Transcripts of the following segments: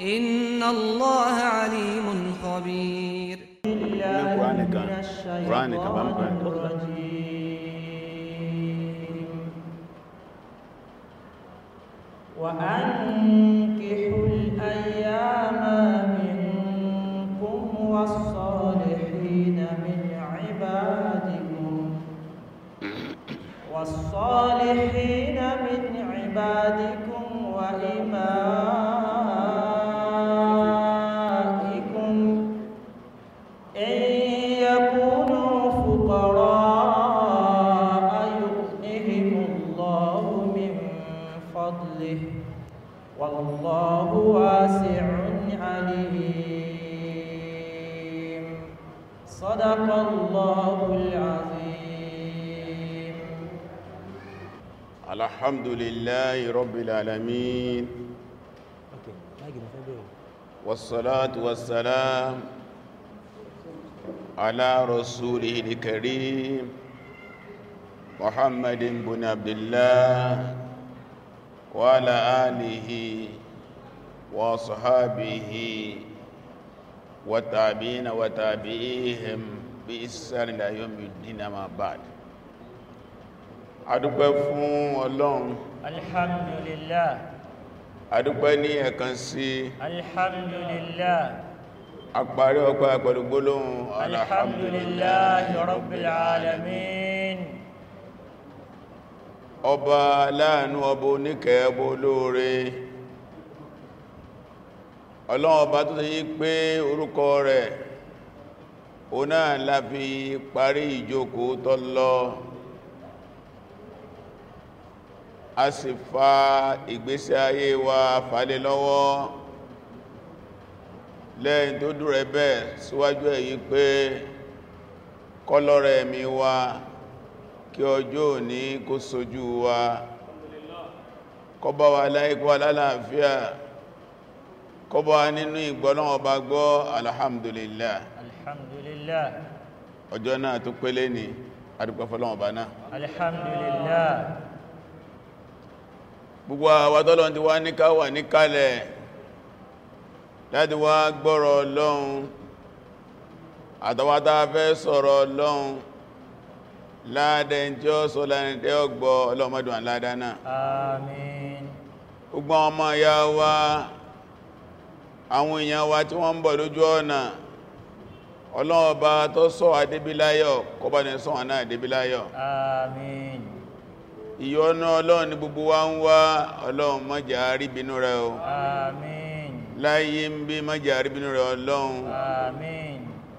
إن الله عليم خبير وأنكحوا الأيام منكم والصالحين من عبادكم والصالحين من عبادكم وإمامكم الحمد لله رب العالمين والصلاة والسلام على رسوله الكريم محمد بن عبد الله وعلى آله وصحابه وتابعين وتابعيهم بإحسان إلى يوم الدين ما بعد adúpẹ́ fún ọlọ́run alhamdulillah adúpẹ́ ní ẹ̀kan sí alhamdulillah àparí ọgbà pẹ̀lú gbólóhùn alhamdulillah rabbil alamin ọba láàánú ọba oníkẹ́ ọba olóore ọlọ́run ọba tó yí pé orúkọ rẹ̀ o náà láfi parí ìjókòó tọ́lọ́ọ̀ a sì fa ìgbésí ayé wa fàálẹ̀ lọ́wọ́ lẹ́yìn tó dúró ẹbẹ́ síwájú èyí pé kọlọ́rẹ̀ mi wa kí ọjọ́ òní kó sojú wa kó wa láìkú alálàáfíà kó wa nínú ìgbọ́lọ́wọ́ bá gbọ́ alhamdulillah alhamdulillah ọjọ́ náà tó pélé ní adúgbàfọ́lọ́wọ́ bá náà alhamdulillah gbogbo àwàtọ́lọ́n ti wá ní ká wà ní kalẹ̀ láti wá gbọ́rọ̀ Ọlọ́run àtàwátá fẹ́ sọ̀rọ̀ Ọlọ́run láàdẹn tí ó sọ ọgbọ́ ọlọ́mọdún aládánà ọmọ ya wá àwọn èèyàn tí wọ́n ń bọ̀ lójú ọ̀nà tó sọ ìyọ́nà ọlọ́run ní gbogbo wa ń wá ọlọ́run mọ́jà ríbinú rẹ̀ o àmín láyé ń bí mọ́jà ríbinú rẹ̀ ọlọ́run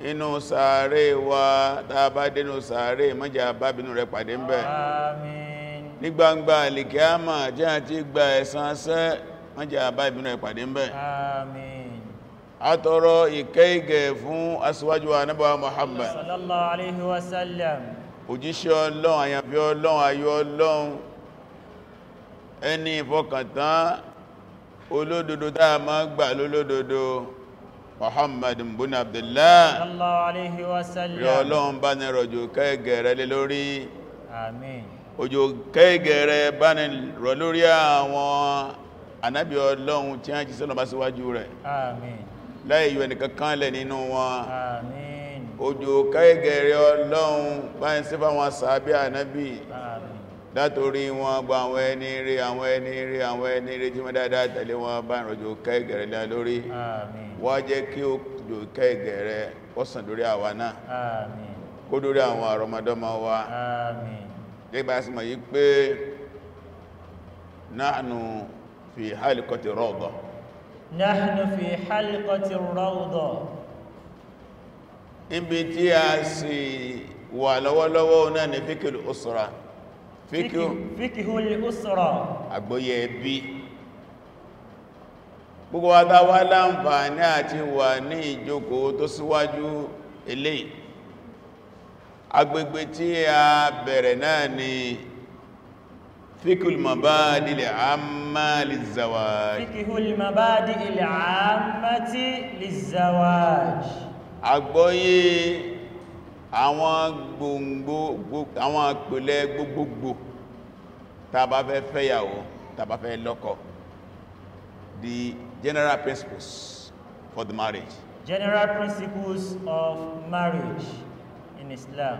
inú sàárè wa tàbá dénú sàárè mọ́jà bábinú rẹ̀ pàdé ń bẹ̀ àmín ní gbangba àlìkíámà jẹ́ àti gba ẹ̀san sẹ́ mọ́jà bábinú rẹ̀ pàdé ń bẹ̀ àtọrọ ìkẹ́ ìgẹ̀ fún aṣíwájú wa nábà Muhammad sallallahu alaihi wasallam òjíṣẹ́ ọlọ́run àyànfẹ́ ọlọ́run ayọ́ ọlọ́run ẹni ìfọkàntán olódodo tá a máa gbà lólódodo Muhammad ibn Abdullah sallallahu alaihi wasallam rí ọlọ́run bá ní rọ̀jò kẹ́gẹ̀rẹ́ lé lórí àmín òjò kẹ́gẹ̀rẹ́ bá rọ̀ lórí àwọn ànábì ọlọ́run tí a jí sọ́lọ́ bá síwájú rẹ̀ láì yọ ẹnìkan kan nínú wọn àmín òjò káìgẹ̀rẹ̀ ọlọ́run bá ń sí fáwọn sàábí ànábì látorí wọn gba àwọn ẹni rí àwọn ẹni rí àwọn ẹni rí tí wọ́n dáadáa tẹ̀lé wọn bá ìrọ̀jò káìgẹ̀rẹ̀ náà lórí wọ́n jẹ́ kí òjò káìgẹ̀rẹ̀ ọ̀sán lórí àwa náà kó lórí àwọn àrọmọdọ́mọ níbi tí a sì wà lọ́wọ́lọ́wọ́ náà ni fíkìl òsùra fíkìl òsùra àgbóyẹ ẹbí gbogbo wata wá láǹfààní àti wà ní ìjókòó tó síwájú eléyìí agbègbè tí a bẹ̀rẹ̀ náà ni fíkìl mabadi lè àmà lè zawaj àgbọ́yé àwọn gbòǹgbò àwọn àpìlẹ̀ gbogbogbò tàbá fẹ́ fẹ́yàwó tàbá fẹ́ lọ́kọ the general principles for the marriage general principles of marriage in Islam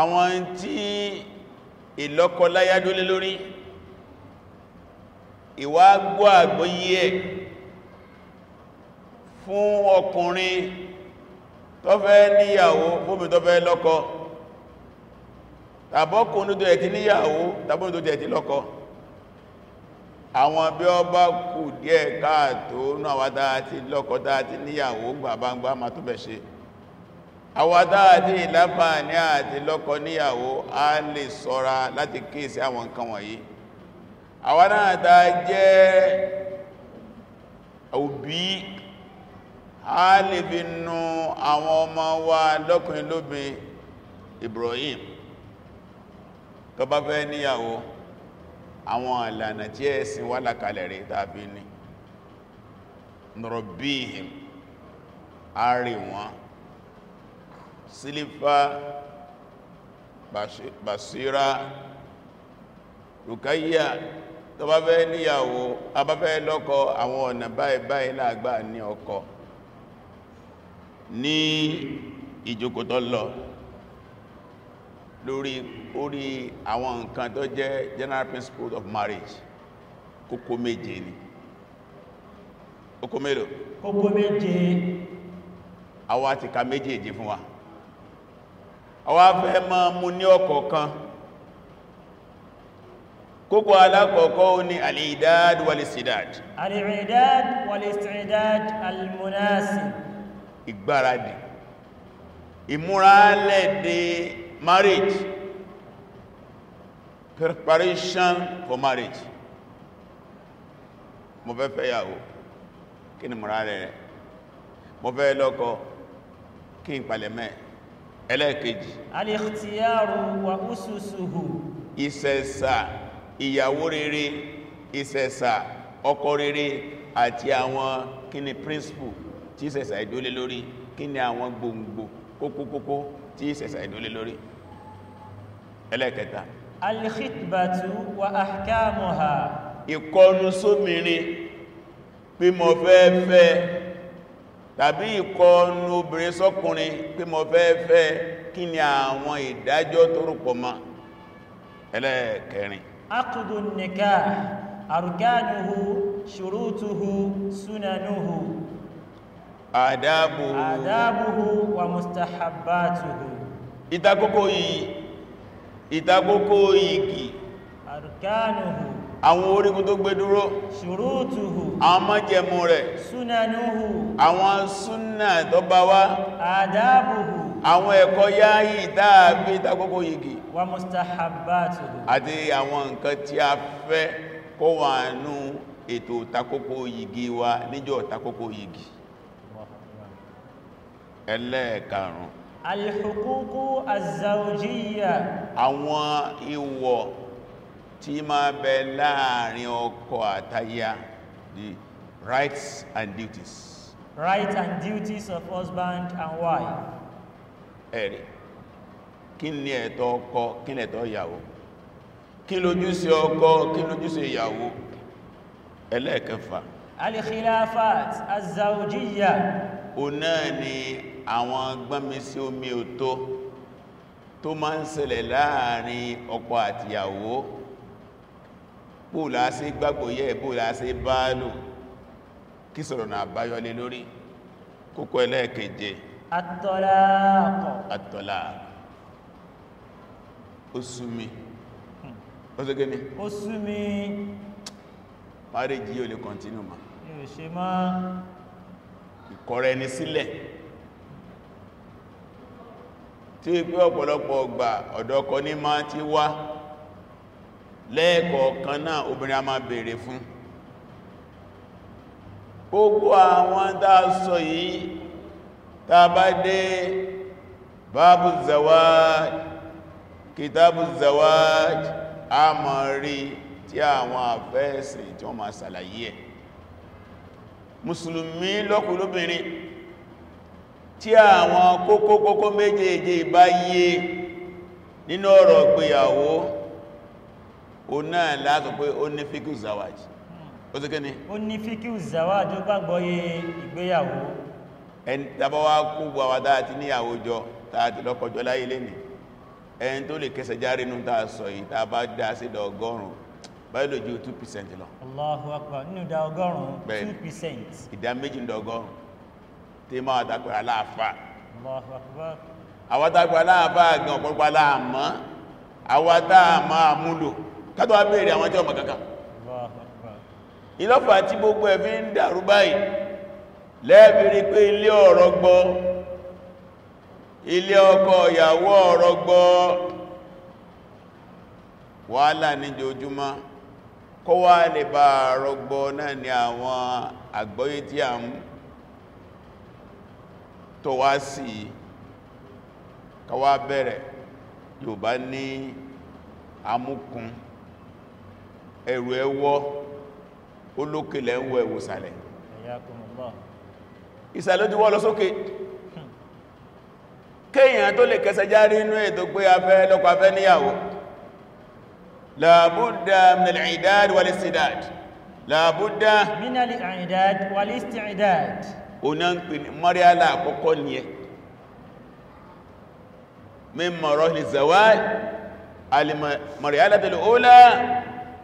àwọn tí ìlọ́kọláyá dólé lórí ìwà gbọ́ àgbọ́yé ẹ̀ fún ọkùnrin tó fẹ́ níyàwó fóbi tó fẹ́ lọ́kọ tàbọ́kùn ní tó ẹ̀tí níyàwó tàbọ́kùn tó ẹ̀tí lọ́kọ àwọn bí ọ bá kù díẹ̀ káàtó náà wá dáadí lọ́kọ dáadí níyàwó gbàbángbà ma tó bẹ̀ṣe àwọn dáadí ìlábà a lè fi nù àwọn ọmọ wa lọ́kùnrin lóbin Ibrahim tó bá fẹ́ níyàwó àwọn ìlànà tí ẹ̀sìn wà lákalẹ̀ rẹ̀ tàbí ní nọ̀rọ̀bíhìm a rí wọn sílífà basira rukayya tó bá fẹ́ níyàwó a bá àwọn ọ̀nà báyìí báyìí láàgbà ní ọkọ ní ìjókòtọ́ lọ lórí orí àwọn nǹkan tó jẹ́ general principle of marriage kókó méje ni kókó mélòó kókó méje àwa ti ka méjèèje fún wa àwa fẹ́ mọ́ mú ní ọ̀kọ̀ọ̀kan kókó alákọ̀ọ́kọ́ ni alìdáàdì wàlìsìdáàdì alìdáàdì wàlìsìdáàdì alìmúnásì ìgbáradì ìmúralẹ́dẹ marriage preparation for marriage mo fẹ́ fẹ́ yàwó kí ni múralẹ́ rẹ̀ mo fẹ́ lọ́kọ kí n palẹ̀mẹ́ ẹlẹ́ẹ̀kejì al-ikhtiyaru wa ususuhu ìsẹ̀sà ìyàwó rere ìsẹ̀sà ọkọ rere àti àwọn kíni principle tí sẹ̀sà ìdólé lórí kí ni àwọn gbòǹgbò kókókókó tí sẹ̀sà ìdólé lórí ẹlẹ́ẹ̀kẹta alìkìtìbàtú wa ahkamuha ìkọnu sómìnrin pé mo fẹ́ tàbí ìkọnu obìnrin sọ́kùnrin pé mo fẹ́ kí ni àwọn ìdájọ́ tó rúpọ̀ mọ́ ẹlẹ́ẹ̀kẹrin aqdun nikah arkanuhu àdábùhù àdábùhù wà mustahabbatuhu ìtakókò yìí ìtakókò igi arkanuhu àwọn orígun tó gbé dúró ṣùrútùhù àwọn májẹ̀mú rẹ̀ súnanuhu àwọn súnà tó bá wá àdábùhù àwọn ẹ̀kọ́ yáyí tàbí ìtakókò igi wà mustahabbatuhu àti àwọn nǹkan tí a fẹ́ kó wà nú ètò ìtakókò igi wa níjọ́ ìtakókò igi ẹlẹ́ẹ̀karùn alhukuku azawjiya àwọn ìwọ̀ tí máa bẹ láàrin ọkọ àtaya the rights and duties rights and duties of husband and wife ẹ̀rì kí ni ẹ̀tọ́ ọkọ kí ni ẹ̀tọ́ ìyàwó kí lójúṣe ọkọ kí lójúṣe ìyàwó ẹlẹ́ẹ̀kẹfà al-khilafat azawjiya ọ̀nà ni àwọn gbọ́nmi sí omi òtó tó máa ń ṣẹlẹ̀ láàrin ọkọ àtìyàwó bóòlá sí gbàgbòyẹ́ bóòlá sí báálù kí sọ̀rọ̀ náà báyọ́lé lórí kókó ẹlẹ́ẹ̀keje àtọ́láàkọ̀ àtọ́láàkọ̀ ó súnmi ó sílẹ̀ tí pé ọ̀pọ̀lọpọ̀ ọgbà ọ̀dọ́kọ ní máa ti wá lẹ́ẹ̀kọ̀ọ̀kan náà obìnrin a máa bèèrè fún gbogbo àwọn dáa yìí tàbádé báàbù zawaj kìtàbù zawaj a mọ̀ rí tí àwọn àfẹ́ẹ̀sìn tí wọ́n máa ṣàlàyé ẹ̀ mùsùlùmí lọ́kùnlóbìnrin tí àwọn kókó kókó méjèèjì bá yé nínú ọ̀rọ̀ ìgbéyàwó o náà látọ̀ pé ó ní fíkí ìzàwájì ó tí kíni ó ní fíkí ìzàwájì ó gbàgbọ́ yé ìgbéyàwó ẹni tàbáwá kú gbàwà dáàtí ní àwùjọ tààtì lọ́kọjọ láyé 2% Allahu Akbar nínú dá ọgọ́rùn 2% ìdá méjì dá ọgọ́rùn tí máa dápẹ̀ aláàfà àwátápẹ̀ aláàfà gan ọ̀pọ̀lọpọ̀ aláàmọ́ àwátá máa múlò kátọ́ wá bèèrè àwọn jẹ́ ọmọ kankan ìlọ́fà tí gbogbo ẹ̀ fi ń dàrú báyìí lẹ́bìrí pé ilé ọ̀rọ̀ gbọ́ ilé ọkọ ìyàwó ọ̀rọ̀ gbọ́ wàhálà níjojúmọ́ kó wá lè bá ọ̀rọ̀ náà ni àwọn àgbọ́yé tí a mú tó wá sí káwà bẹ̀rẹ̀ yóò bá ní amúkun ẹ̀rù ẹwọ́ olókèlẹ̀ ń wọ ẹ̀wò sàlẹ̀ ìsàlẹ̀ ojú wọ́ lọ sókè kéèyàn tó lè kẹsẹ̀ járí inú ètò pé afẹ́ lọ́pàá fẹ́ níyàwó làbúdá minal i'dad làbúdá minal i'dad oná ń pè ní mọ́ríálà àkọ́kọ́ ní ẹ mímọ̀rọ̀ ní zawal mọ̀ríálàtàlì ọlá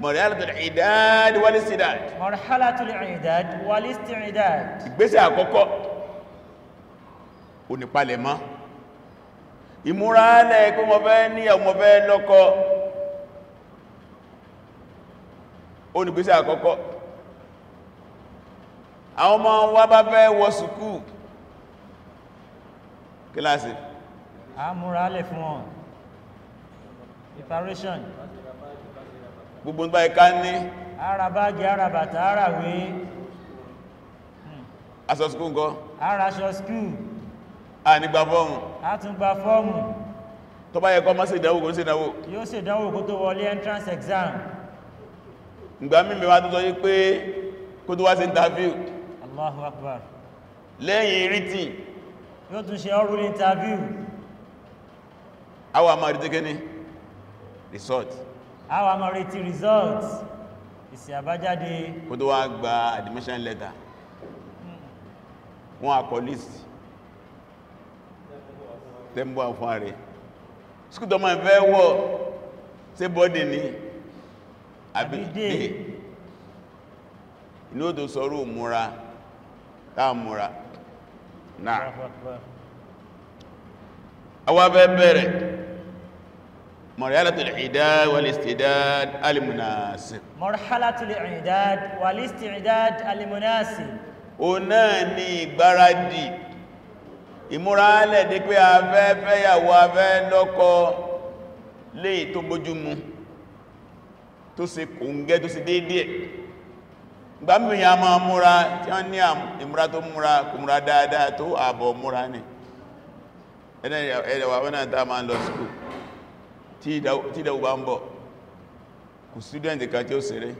mọ̀ríálàtàlì ìdáàdì walisti'dad mọ̀ríálàtàlì ìdáàdì walisti'dad ìgbésẹ̀ àkọ́kọ́ onípalẹ̀mọ́ ìmúrálẹ̀ pé mo fẹ́ ní ọmọ fẹ́ lọ́kọ onígbésẹ̀ àkọ́kọ́ àwọn ọmọ wa bá fẹ́ wọ sùkú kíláàsì a múra alẹ̀ fún wọn preparation gbogbo nígbà ẹ̀ká ní ara báàgì ara bàtà ara wé hmm. aṣọ sùkú ńkọ́ ara aṣọ sùkú a nígbà fọ́ọ̀mù a tún gba fọ́ọ̀mù tó bá yẹ kó má ṣe ìdánwò kó yóò ṣe ìdánwò tó wọlé entrance exam ìgbà mímẹ̀ wá tó sọ yí pé kó tó wá ṣe interview Allahu Akbar lẹ́yìn rítì yóò tún ṣe ọrún interview àwọn àmà rítí gẹ́ni result àwọn àmà rítí result ìsì àbájáde kó tó wá gba admission letter wọ́n àkọ́ list tẹ́mbọ́ àfún ààrẹ skútọ́mọ̀ ìfẹ́ wọ́ tí bọ́dì ní àbídé inú ó tó sọ̀rọ̀ táàmúra náà awá bẹ́ bẹ̀rẹ̀ مرحلة العداد والاستعداد المناسب مرحلة العداد والاستعداد المناسب ó náà ni ìgbáradì ìmúralẹ̀ ní pé a fẹ́ fẹ́yàwó a fẹ́ lọ́kọ tó bójúmu tó ṣe kòǹgẹ́ tó ṣe déédéé gbámiyàn ma múra tí wọ́n ní ìmúra tó múra kùmúra dáadáa tó ààbọ̀ múra ní ẹ̀dẹ̀wà wọ́n náà tá ma lọ skúl tí ìdáwò bá ń bọ̀ kò student kan tí ó ṣeré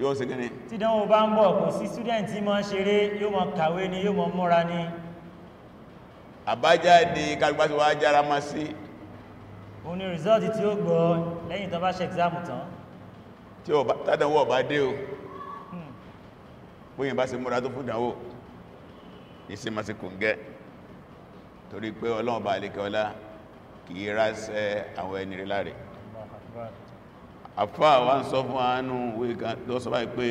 yóò ṣe gẹ́ni tí ìdáwò bá ń bọ̀ kò sí student tí result tí ó gbọ́ lẹ́yìn exam tán tí ó tádánwò ọba dé o bóyìn bá ṣe múra tó fún ìdánwò ìsinmá sí kòǹgẹ́ torí pé ọlọ́run bá alékẹ́ ọlá kìí ráṣẹ́ àwọn ẹni rí láre àfá wa ń sọ fún àánú wíkan tó sọ báyìí pé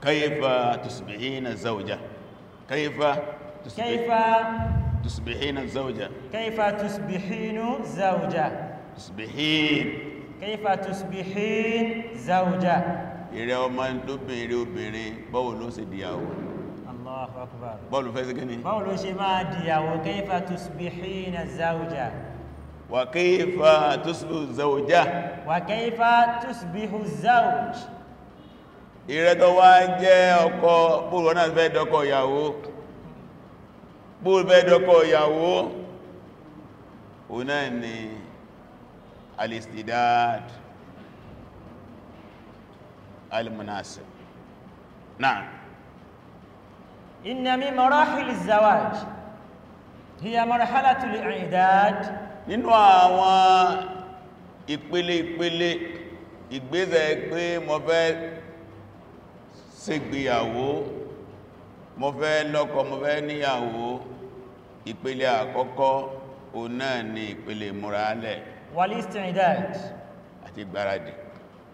kayfa tusbihina kayfa tusbihin zawja ìrẹ ọmọ lóbìnrin ìrẹ obìnrin báwo ló ṣe dìyàwó Allahu akbar báwo ló fẹ́ sí gẹ́ni báwo ló ṣe máa dìyàwó kayfa tusbihin zawja wa kayfa tusbihu zawja wa kayfa tusbihu zawj ìrẹ tó wá jẹ́ ọkọ bóòlù náà fẹ́ alistidad almunasib náà inna min marahil zawaj hiya marhalatul i'dad nínú àwọn ìpele ìpele ìgbésẹ̀ pé mo fẹ́ ṣègbéyàwó mo fẹ́ lọ́kọ mo fẹ́ níyàwó ìpele àkọ́kọ́ òun náà ni ìpele ìmúralẹ̀ wal-isti'dad àti gbáradì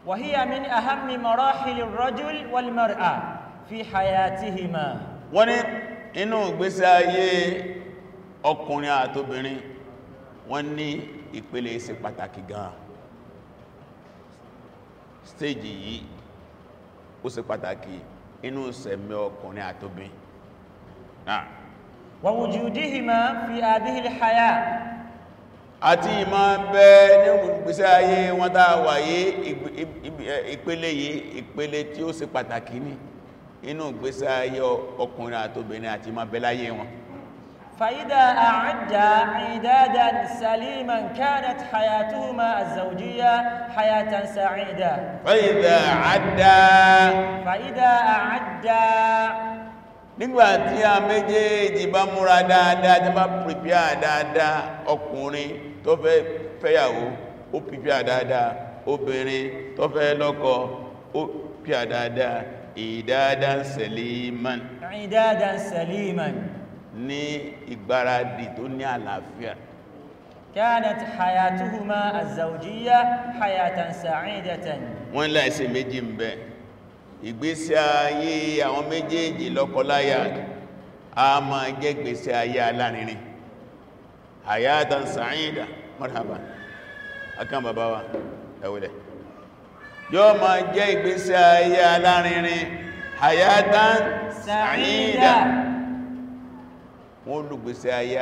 wa hiya min ahammi marahili ar-rajul wal-mar'a fi hayatihima wọ́n ní inú ìgbésí ayé ọkùnrin àtobìnrin wọ́n ní ìpele ṣe pàtàkì gan stage yìí ó ṣe pàtàkì inú sẹ̀mẹ́ ọkùnrin àtobìnrin náà wa wujudihima fi hadhihi al-haya àti ìmọ̀ bẹ ní ìgbésẹ̀ ayé wọn tá wáyé ìpele yìí ìpele tí ó ṣe pàtàkì ní inú ìgbésẹ̀ ayé ọkùnrin àtobìnrin àti ìmọ̀ bẹ láyé wọn fàídà àájá ìdádà saliman kánat hayatuhuma azaujiya hayatan sa'ida fàídà àájá fàídà àájá nígbàtí a méjèèjì bá múra dáadáa tí bá prepare dáadáa ọkùnrin tó fẹ́ fẹ́yàwó ó pípí àdáadáa obìnrin tó fẹ́ lọ́kọ ó pí àdáadáa ìdáadáa sẹ̀líman ìdáadáa sẹ̀líman ní ìgbáradì tó ní àlàáfíà كانت حياتهما الزوجية حياة سعيدة wọ́n láìsí méjì ń bẹ ìgbésí ayé àwọn méjèèjì lọ́kọláya a máa jẹ́ ìgbésí ayé alárinrin hayatan sa'ida marhaba akan bàbá wa ẹwẹ́lẹ̀ yóò ma jẹ́ ìgbésẹ̀ ayé alárinrin hayatan sa'ida wọ́n lùgbésẹ̀ ayé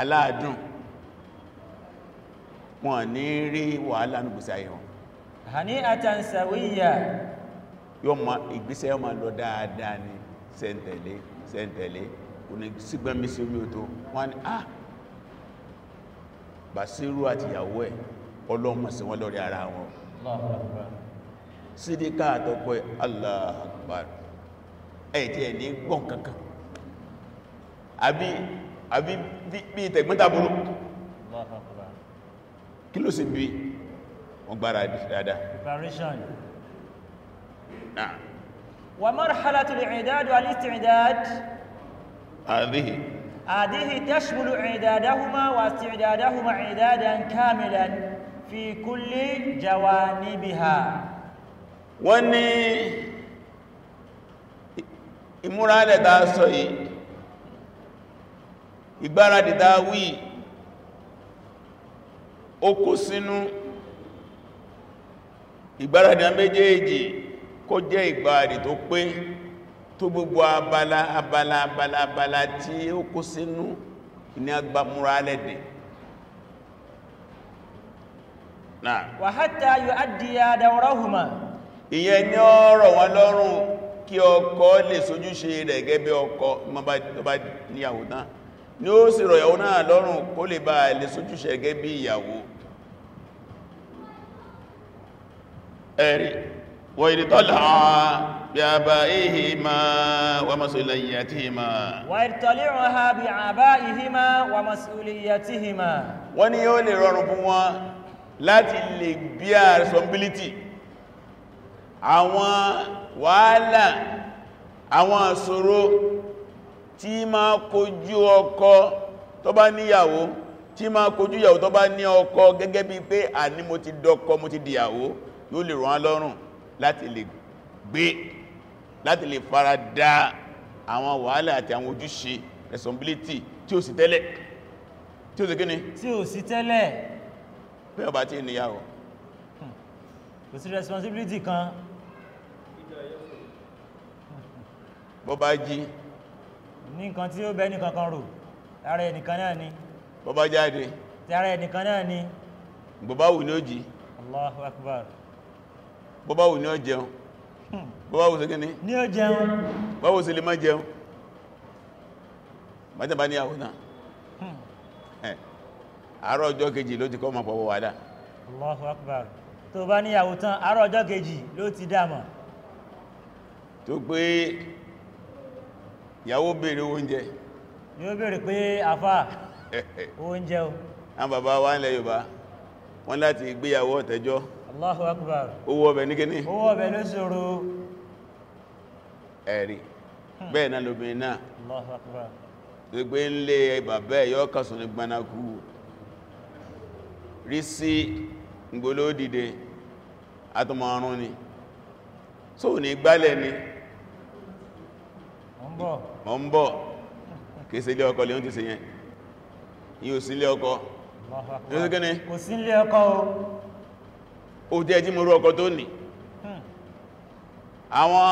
aláàdùn wọ́n ní rí wàhálà nùgbésẹ̀ ayé wọn hani'atan sawiyya yóò ma ìgbésẹ̀ yóò ma lọ dáadáa ni sẹ́ntẹ̀lé sẹ́ntẹ̀lé kò ní sígbẹ́mí sí omi òtò wọ́n ni ah Bàṣírù àti ìyàwó ẹ̀ ọlọ́mọ̀ sí wọ́n lórí ara wọn sídíká àtọ́pọ̀ Allahu Akbar ẹ̀tí ẹ̀ ní gbọ́n kankan àbí àbí bí tẹ̀gbọ́ntàbúrú kí ló sì bí wọ́n gbára dáadáa preparation ah. wa marhalatul i'dad wal isti'dad هذه هذه تشمل إعدادهما واستعدادهما إعدادا كاملا في كل جوانبها wọ́n ní ìmúralẹ̀ tá sọ yìí ìgbáradì tá wí ó kó sínú ìgbáradì méjèèjì kó jẹ́ ìgbáradì tó pé tó gbogbo abala abala abala abala tí ó kó sínú ní agbá múra lẹ́dẹ̀ náà wa hatta yu'addiya dawrahuma ìyẹn ní ọ̀rọ̀ wọn lọ́rùn kí ọkọ lè sojúṣe rẹ̀ gẹ́gẹ́ ọkọ mọ́bá níyàwó náà ni ó sì rọ̀ ìyàwó náà lọ́rùn kó lè bá lè sojúṣe gẹ́gẹ́ bí ìyàwó وإذ طلع بآبائهما ومسؤوليتهما وإذ طلعها بآبائهما ومسؤوليتهما wọ́n ní yóò lè rọrùn fún wọn láti lè bear responsibility àwọn wàhálà àwọn àṣòro tí máa kojú ọkọ tó bá níyàwó tí máa kojú ìyàwó tó bá ní ọkọ gẹ́gẹ́ bí pé àní mo ti dọkọ mo ti dìyàwó yóò lè rọ̀ lọ́rùn láti lè gbé láti lè fara dá àwọn wàhálà àti àwọn ojúṣe responsibility tí ó sì tẹ́lẹ̀ tí ó sì kíni tí ó sì tẹ́lẹ̀ pé ọba tí ìníyàwó hmm. kò sí responsibility kan bó jí ní nǹkan tí ó bẹ́ nìkan kan rò ara ẹnìkan náà ni bó bá jáde tí ara ẹnìkan náà ni gbogbo wù ní ó jí Allahu Akbar bọ́bá wù ní ó jẹun bọ́bá wù sí kí ní ní ó jẹun bọ́bá wù sí lè má jẹun mẹ́tẹ̀bá ní àwọn náà àárọ̀ ọjọ́ kejì ló ti kọ́ ma pọ̀wọ̀ wádá Allahu Akbar tó bá ní ìyàwó tán àárọ̀ ọjọ́ kejì ló ti dámọ̀ tó pé ìyàwó béèrè oúnjẹ ni ó pé àfà oúnjẹ o àwọn bàbá wọ́n láti gbéyàwó ọ̀tẹ́jọ́ Allahu Akbar owó ọbẹ̀ ní kíní owó ọbẹ̀ ló ṣòro ẹ̀rí hmm. bẹ́ẹ̀ náà lóbìnrin náà Allahu Akbar gbogbo ń lé bàbẹ́ yọ́ ní rí sí dìde ọrún ni tó ní gbálẹ̀ ni ọkọ lè ń ti yẹn ọkọ ó jẹ́ tí mo rú ọkọ̀ tó ní hmm. àwọn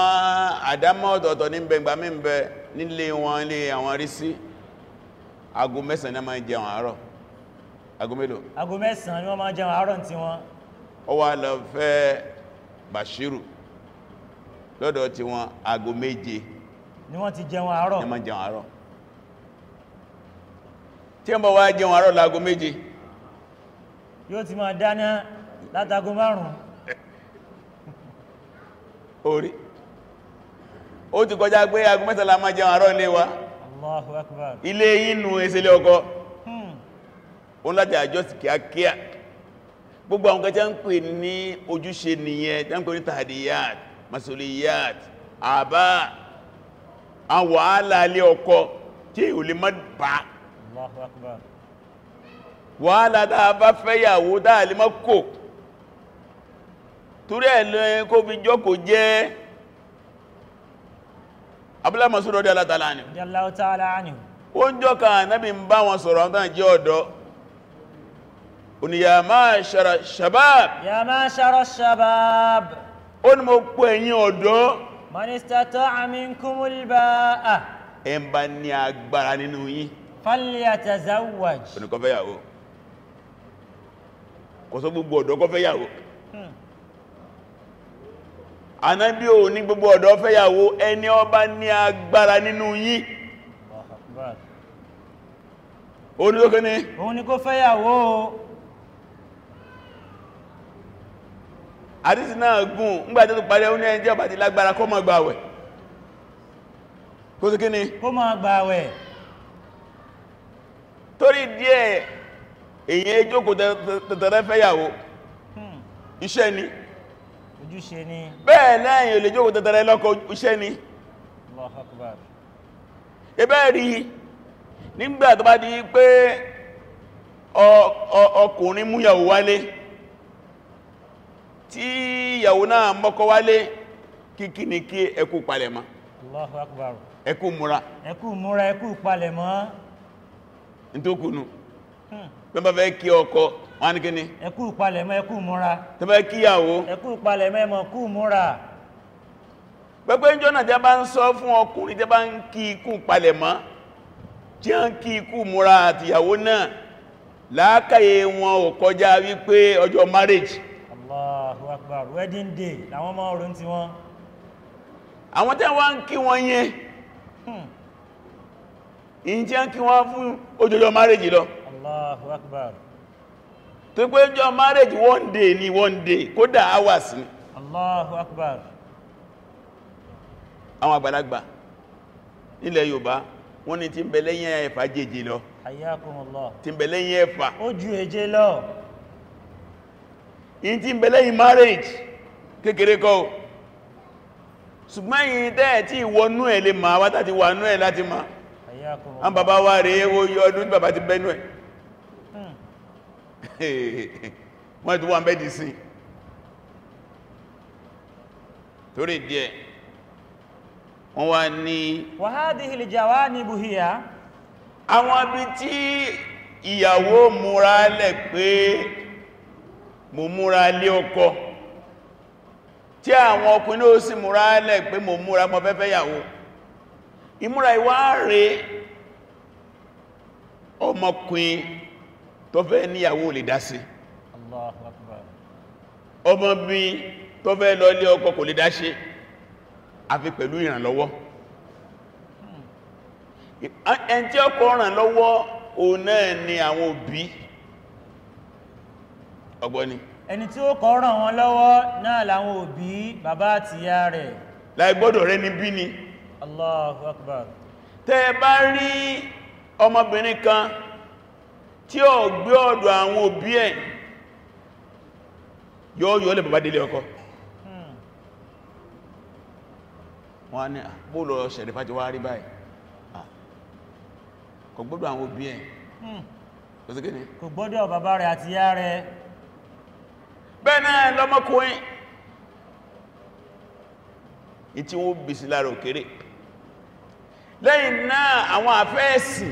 àdámọ́ ọ̀tọ̀ọ̀tọ̀ ní bẹ̀gbà mẹ́bẹ̀ nílé wọn lé àwọn rí sí aago mẹ́sàn ní máa jẹun àárọ̀ aago mélòó aago mẹ́sàn ní wọ́n máa jẹun àárọ̀ tí wọ́n ó wá lọ fẹ́ Bashiru lọ́dọ̀ tí wọ́n aago méje ni wọ́n ti jẹun àárọ̀ ni wọ́n jẹun àárọ̀ tí wọ́n bá wá jẹun àárọ̀ láago méje yóò ti máa dáná látago márùn-ún orí ó ti kọjá pé aago mẹ́sàlá máa jẹun àárọ̀ ilé wa Allahu Akbar ilé inú esele ọkọ hmm. ó láti àjọ́ sí kíákíá gbogbo àwọn kẹta ń pè ní ojúṣe nìyẹn tẹ́ ń pè ní tàdíyàt masoliyat àbá àwọn alálẹ́ ọkọ tí ò lè má bá wàhálà dáa bá fẹ́yàwó dáa lè má kò torí ẹ̀lẹ́ kó fi jókòó jẹ́ Abdullah Mas'ud radiyallahu ta'ala anhu radiyallahu ta'ala anhu ó ń jọ́ka náàbí ń bá wọn sọ̀rọ̀ ọ̀tán jẹ́ ọ̀dọ́ ya ma'shara shabab ya ma'shara shabab ní mo pọ̀ ẹ̀yin ọ̀dọ́ man istata'a minkumul ba'a ẹ gbogbo ọ̀dọ́ kó anábí ò ní gbogbo ọ̀dọ́ fẹ́yàwó ẹni ọba ní agbára nínú yí ó ní lókè ní òun kó fẹ́yàwó àdísì náà gùn ńgbàtí tó parí ẹun ní ẹjẹ́ ọba ti lágbára kó má gbàwẹ̀ kó sí kí ni kó gbàwẹ̀ torí díẹ̀ hmm. ni ojúṣe ni bẹ́ẹ̀ lẹ́yìn olè jókòó tẹ́tẹ́rẹ lọ́kọ̀ iṣẹ́ ni Allahu rí nígbà tó bá di pé ọkùnrin mú yàwó wálé tí yàwó náà mọ́kọ wálé kíkí ní kí ẹkù palẹ̀mọ́ Allahu ẹkù múra ẹkù múra ẹkù palẹ̀mọ́ ntókùnù hmm tó bá fẹ́ kí ọkọ wọ́n ní kíní ẹkú palẹ̀mọ́ ẹkú múra tó bá kíyàwó ẹkú palẹ̀mọ́ ẹmọ kú múra pẹ́pẹ́ ìjọ náà jẹ́ bá ń sọ fún ọkùnrin jẹ́ bá ń kí ikú palẹ̀mọ́ tí a ń kí ikú múra àtìyàwó náà láákàyè wọn ò kọjá wípé ọjọ́ marriage Allahu Akbar wedding day làwọn ọmọ ọrùn ti wọn àwọn tẹ́ wá ń kí wọn hmm. marriage lo. Allahu Akbar tó pé jọ marriage one day ni one day kódà hours ni Allahu Akbar àwọn àgbàlagbà nílẹ̀ Yorùbá wọ́n ní tí ń bẹ lẹ́yìn ẹ̀fà jèjì lọ Hayyakumullah in tí marriage kékeré kọ́ ṣùgbọ́n yìí tẹ́ẹ̀ tí ìwọnú ẹ̀ lè máa wátàtí wà nú ẹ̀ láti máa àwọn bàbá wa rèé ó yọ ọdún bàbá ti bẹ́nú ẹ̀ wọ́n tó wà mẹ́dì sí torí díẹ̀ wọ́n wá ní wàhádìí ìjàwá ní buhia àwọn bí tí ìyàwó múra lẹ̀ pé mo múra lé ọkọ tí àwọn ọkùnrin ó sì múra lẹ̀ pé mo múra mọ́ fẹ́fẹ́ yàwó ìmúra ìwá rẹ̀ ọmọkùnrin tó fẹ́ níyàwó lè dá sí Akbar ọmọ bí tó fẹ́ lọ ilé ọkọ kò lè dá ṣe àfi pẹ̀lú ìrànlọ́wọ́ ẹn tí ọkọ ràn lọ́wọ́ òun náà ni àwọn òbí ọgbọ́ni ẹni tí ó kọ ràn wọn lọ́wọ́ náà làwọn òbí bàbá àti ìyá rẹ̀ láì gbọ́dọ̀ rẹ̀ ní bí ni Allahu Akbar tẹ́ bá rí ọmọbìnrin kan tí ó gbé ọ̀dọ̀ àwọn òbí ẹ̀ yóò yóò lè bàbá délé ọkọ wọ́n ní ah, bóòlù ọ̀ṣẹ̀rẹ̀ fàájí wá rí báyìí ah, kò gbọ́dọ̀ àwọn òbí ẹ̀ hmm. kò sí kíni kò gbọ́dọ̀ bàbá rẹ̀ àti yá rẹ̀ bẹ́ẹ̀ náà lọ́mọkùnrin ìtí wọ́n bèsì lára òkèrè lẹ́yìn náà àwọn àfẹ́ẹ̀sì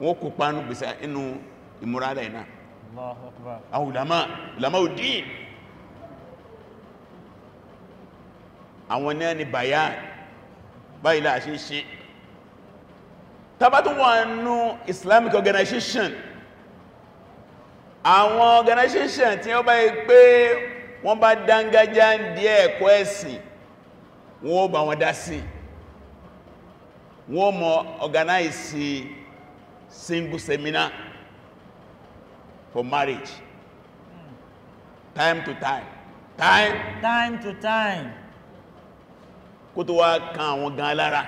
wọ́n kò pánú gbèsè inú ìmúrádà iná àwọn ulama uddin àwọn náà ni bayan báyìí láà ṣe ṣe tàbátún wà nú islamic organization àwọn organization tí ó bá pé wọ́n bá dángájá ń ẹ̀kọ́ ẹ̀sìn wọ́n bá wọn dá sí wọ́n mọ̀ organize single seminar for marriage time to time time time to time kó tó wá kan àwọn gan lára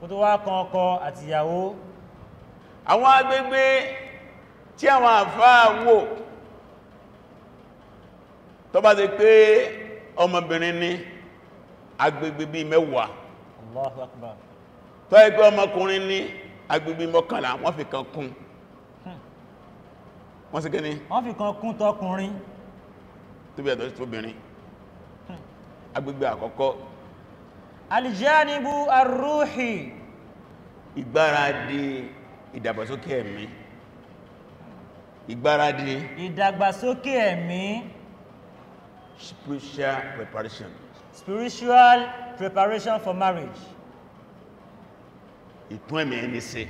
kó tó wá kan ọkọ àti ìyàwó àwọn agbègbè tí àwọn àfáà wò tó bá ti pé ọmọbìnrin ní agbègbè bí mẹ́wàá Akbar tó ẹgbẹ́ ọmọkùnrin ní agbègbè mọ́kànlá wọ́n fi kan kún wọ́n sì gẹ́ni wọ́n fi kan kún tọkùnrin tó bí ẹ̀tọ́ tóbìnrin hmm. agbègbè àkọ́kọ́ aljanibu arruhi ìgbáradì ìdàgbàsókè ẹ̀mí ìgbáradì ìdàgbàsókè ẹ̀mí spiritual preparation spiritual preparation for marriage ìtún ẹ̀mí ẹni sí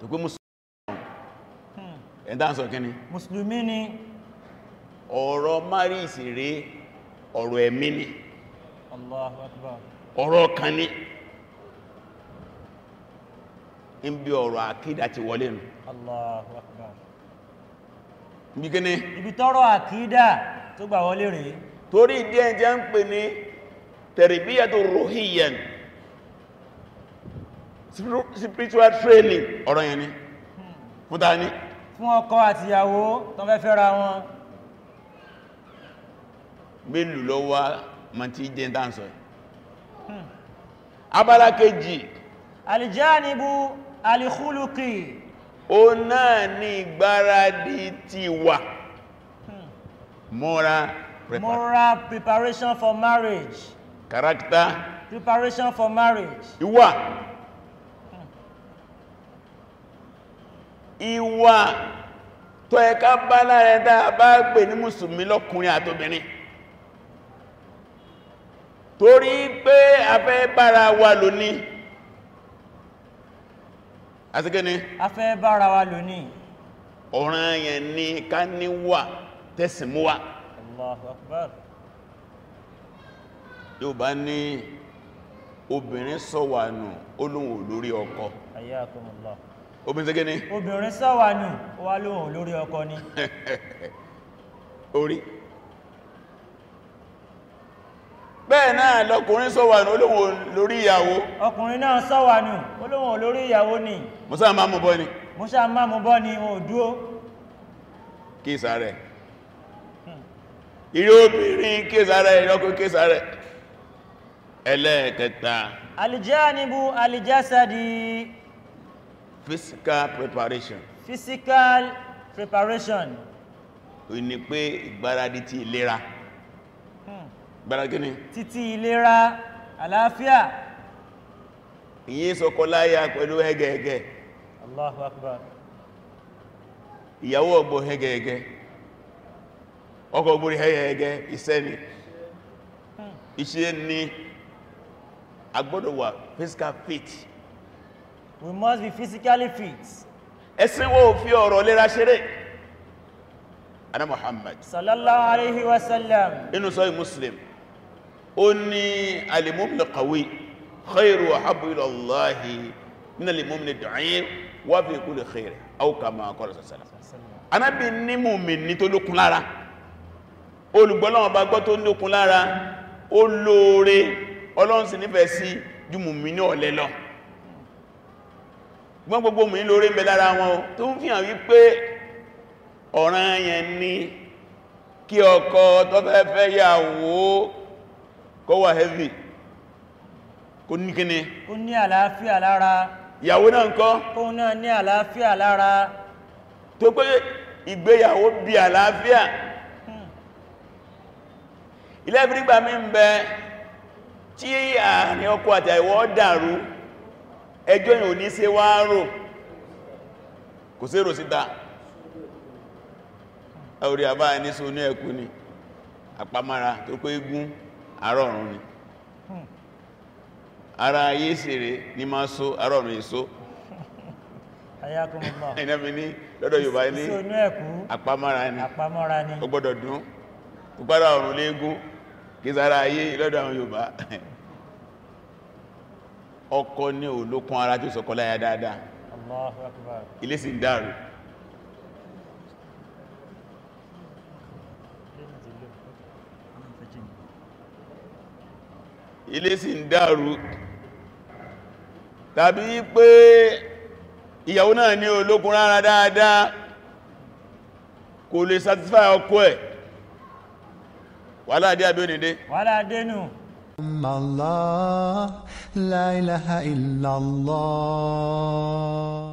tó pé mùsùlùmí hmm. ẹ̀dá sọ kí ni mùsùlùmí ni ọ̀rọ̀ maris rí ọ̀rọ̀ ẹ̀mí ni Akbar ọ̀rọ̀ kan ní ń bí ọ̀rọ̀ àkídà ti wọlé nù Allahu Akbar ibi kí ni ibi tọ́rọ àkídà tó gbà wọlé rèé torí díẹ̀ jẹ́ ń pè ní tẹ̀rìbíyàtò rohiyan spiritual training ọ̀rọ̀ yẹn ni fún ta ní fún ọkọ àti ìyàwó tán fẹ́ fẹ́ra wọn mélòó ló wá ma ti jẹ́ dáńsọ̀ abala kejì alìjánibu alìkúlùkì o náà ní ìgbáradì ti wà mọ́ra moral preparation for marriage character preparation for marriage ìwà ìwà tó ẹ̀ká bá lára tá a bá gbé ní mùsùlùmí lọ́kùnrin àtobìnrin torí pé afẹ́ bára wa lónìí àsìkò ni afẹ́ bára wa lónìí ọ̀ràn yẹn ni ká níwà tẹ́sìmúwà Allahu yóò bá ní obìnrin sọ wà nù olóhùn lórí ọkọ ayyakumullah obìnrin tẹ́gẹ́ ní obìnrin sọ́wà nù wà lóhùn lórí ọkọ ni orí bẹ́ẹ̀ náà lọkùnrin sọ́wà nù olóhùn lórí ìyàwó ọkùnrin náà sọ́wà nù olóhùn lórí ìyàwó ni musa máa mú bọ́ ni musa máa mú bọ́ ni wọn ò dúó kí ìsàrẹ̀ ìrí obìnrin kí ìsàrẹ̀ ìrọ́kùn kí ìsàrẹ̀ ẹlẹ́ẹ̀kẹta alìjẹ́ àníbú alìjásádìí physical preparation physical preparation ó ní pé ìgbáradì ti ìlera hmm. ìgbáradì kí ni títí ìlera àlàáfíà ìyí sọkọláyà pẹ̀lú ẹgẹẹgẹ Allahu Akbar ìyàwó ọgbọ ẹgẹẹgẹ ọkọ gbórí ẹgẹẹgẹ iṣẹ́ ni hmm. iṣẹ́ ni agbọ́dọ̀ wà physical fit we must be physically fit. ẹ̀sìn wo fi ọ̀rọ̀ lera ṣeré ana muhammad sallallahu alaihi wasallam inú sọ́yí muslim ó ní alimumni qawi khairu wa habu ila allahi min alimumni da'if wa fi kulli khair aw kama qala sallallahu alaihi wasallam anabi ní mu'min tó lókun lára olùgbọ́lọ́wọ́ bá gbọ́ tó lókun lára ó lóore ọlọ́run sì nífẹ̀ẹ́ sí ju mu'min ní ọ̀lẹ lọ gbọ́n gbogbo mú ní lórí ń bẹ lára wọn tó ń fi hàn wípé ọ̀ràn yẹn ni kí ọkọ tó fẹ́ fẹ́ yàwó kó wà heavy kó ní kíni kó ní àlàáfíà lára ìyàwó náà ńkọ́ kó náà ní àlàáfíà lára tó pé ìgbéyàwó bí àlàáfíà hmm. ilé ìbírígbà mi ń bẹ tí àárín ọkọ àtàwọ̀ dàrú ẹjọ́ yìí ò ní ṣe wá rò kò sí síta àbá ní so ní ni tó pé igun àárọ̀run ni ara ayé sèrè ní máa so àárọ̀run èso ẹ̀nàmì ní lọ́dọ̀ Yorùbá ní àpamara ni ó gbọ́dọ̀ dún kí sára ayé lọ́dọ̀ àwọn Yorùbá ọkọ ní olókun ara tí ó sọkọ láyá dáadáa Allahu Akbar ilé sì ń ilé sì ń tàbí pé ìyàwó náà ní olókun rárá dáadáa kò lè satisfy ọkọ ẹ̀ wàhálà dé àbí onídé wàhálà dénú الله لا إله إلا الله